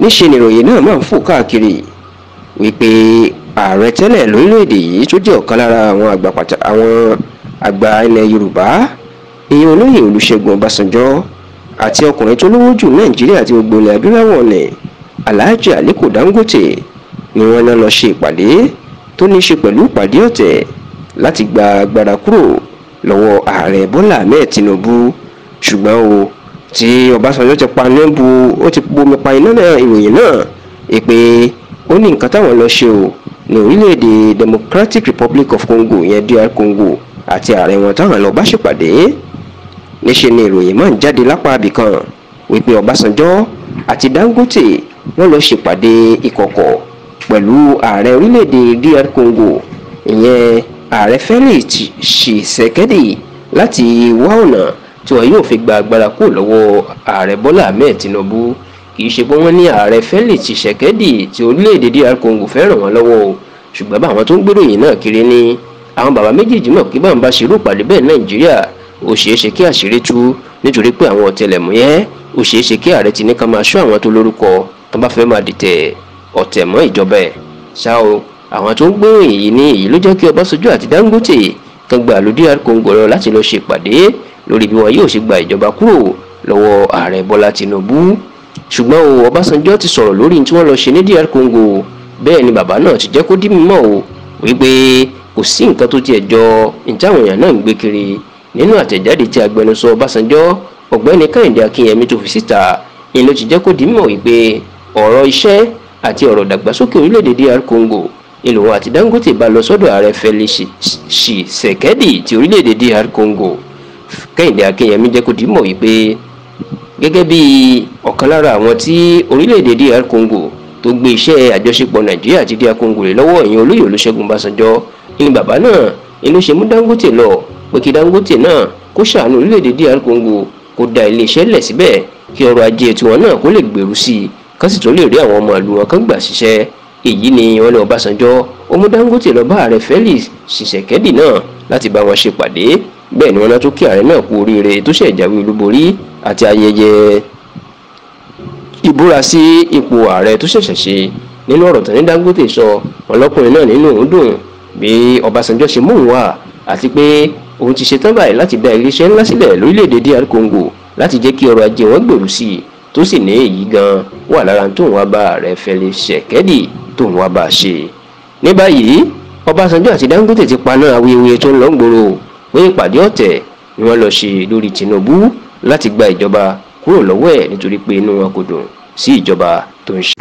níṣe nìròyìn náà máa ń fò káàkiri wípé ààrẹ tẹ́lẹ̀ lórílẹ̀‐èdè yìí tó jẹ́ ọ̀kan lára àwọn àgbà pàtà àwọn àgbà ilẹ̀ yorùbá èèyàn olóyè olùṣègùn ọbásanjọ́ àti ọkùnrin tó lówó jù nàìjíríà àti gbogbo ilẹ̀ adúláwọ̀ ni alhaji aliko dangote ni wọ́n náà lọ ṣe ìpàdé tó ní í ṣe pẹ̀lú ìpàdé ọ̀tẹ̀ láti gba agbára kúrò lọ́wọ́ ààrẹ bọ́lá ahmed tinubu ṣùgbọ́n o tí Ọbásanjọ́ ti pa níbu ó ti bomi pa iná náà ìròyìn náà èpè ó ní nǹkan táwọn lọ ṣe o ní orílẹ̀-èdè Democratic Republic of Congo yẹn DR Congo àti ààrẹ wọn táwọn lọ bá ṣèpàdé níṣe ni ìròyìn máa ń jáde lápá abìkan wípé Ọbásanjọ́ àti Dangote wọ́n lọ ṣèpàdé ìkọ̀kọ̀ pẹ̀lú ààrẹ orílẹ̀-èdè DR Congo ìyẹn ààrẹ Felix Tshisekedi láti wá ọ̀nà tí wọn yóò fi gba agbára kúrò lọ́wọ́ ààrẹ bọ́lá ahmed tinubu kì í ṣe pé wọ́n ní ààrẹ felix tshisekedi ti orílẹ̀-èdè dr congo fẹ́ràn wọn lọ́wọ́ o ṣùgbọ́n báwọn tó ń gbéròyìn náà kiri ní àwọn bàbá méjèèjì mọ̀ pé báwọn bá ṣerú pàdé bẹ́ẹ̀ nàìjíríà ó ṣeé ṣe kí àṣírí tú nítorí pé àwọn ọ̀tẹlẹ̀múyẹ́ ó ṣeé ṣe kí ààrẹ ti ní ká máa ṣọ́ àwọn tó lórúkọ tó bá fẹ́ máa dìtẹ̀ ọ̀tẹ̀ mọ́ ìjọba ẹ̀ ṣá o àwọn tó ń gbéròyìn yìí ní èyí ló jẹ́ kí ọbásanjọ́ àti dangote kan gba àlùdí congo lọ láti lọ ṣèpàdé lórí bí wọn yóò ṣe gba ìjọba kúrò lọ́wọ́ ààrẹ bọ́lá tinubu ṣùgbọ́n o ọbásanjọ́ ti sọ̀rọ̀ lórí tí wọ́n lọ ṣe ní dr congo bẹ́ẹ̀ ni bàbá náà ti jẹ́ kó dí mímọ̀ o wípé kò sí nǹkan tó tiẹ̀ jọ ìtàwọn èèyàn náà ń gbé kiri nínú àtẹ̀jáde tí agbẹnusọ ọbásanjọ́ ọ̀gbẹ́ni kẹ́hìndé akínyẹmí tó fi síta ni ló ti jẹ́ kó dí mímọ̀ wípé ọ̀rọ̀ iṣẹ́ àti ọ̀rọ̀ ìdàgbàsókè orílẹ̀ dr congo ìlòun àti dangote bá lọ sọ́dọ̀ ààrẹ felix tshisekedi ti orílẹ̀ dr congo kẹ́hìndé akínyẹmí jẹ́ kó dìímọ̀ wípé gẹ́gẹ́ bí ọ̀kan lára àwọn tí orílẹ̀-èdè dr congo tó gbé iṣẹ́ àjọṣepọ̀ nàìjíríà àti dr congo rẹ̀ lọ́wọ́ ìyẹn olóyè olúṣẹ́gun ọbásanjọ́ ìyẹn bàbá náà inú ṣe mú dangote lọ pé kí dangote náà kó ṣàánú orílẹ̀-èdè dr congo kó da iléeṣẹ́ lẹ̀ síbẹ̀ kí ọrọ̀ ajé tiwọn náà kó lè gbèrú sí i kán sì tó lè rí àwọn ọmọ ìlú wọn kán gbà ṣiṣẹ́ èyí ni wọ́n ní ọbásanjọ́ ó mú dangote lọ bá ààrẹ felix ṣìṣẹ́kẹ́dì náà láti bá wọn ṣèpàdé bẹ́ẹ̀ ni wọ́n náà tún kí ààrẹ náà kú oríire tó ṣẹ̀ jáwé olúborí àti ayẹyẹ ìbúra sí ipò ààrẹ tó ṣẹ̀ṣẹ̀ ṣe nínú ọ̀rọ̀ tó ní Dangote sọ ọlọ́kùnrin náà nínú òun dùn bí Ọbásanjọ́ ṣe mú òun wá àti pé òun ti ṣetán báyìí láti dá iléeṣẹ́ ńlá sílẹ̀ lórílẹ̀‐èdè DR Congo láti jẹ́ kí ọrọ̀ ajé wọn gbèrú sí i tó sì ní èyí gan wà lára tóun wá bá ààrẹ Fẹlẹ Ṣẹkẹdì tóun wá bá a ṣe. ní báyìí Ọbásanjọ́ àti Dangote ti paná awuyewuye tó ń lọ pé ìpàdé ọ̀tẹ̀ ni wọ́n lọ ṣe lórí Tinubu láti gba ìjọba kúrò lọ́wọ́ ẹ̀ nítorí pé inú wọn kò dùn sí ìjọba tó ń ṣe.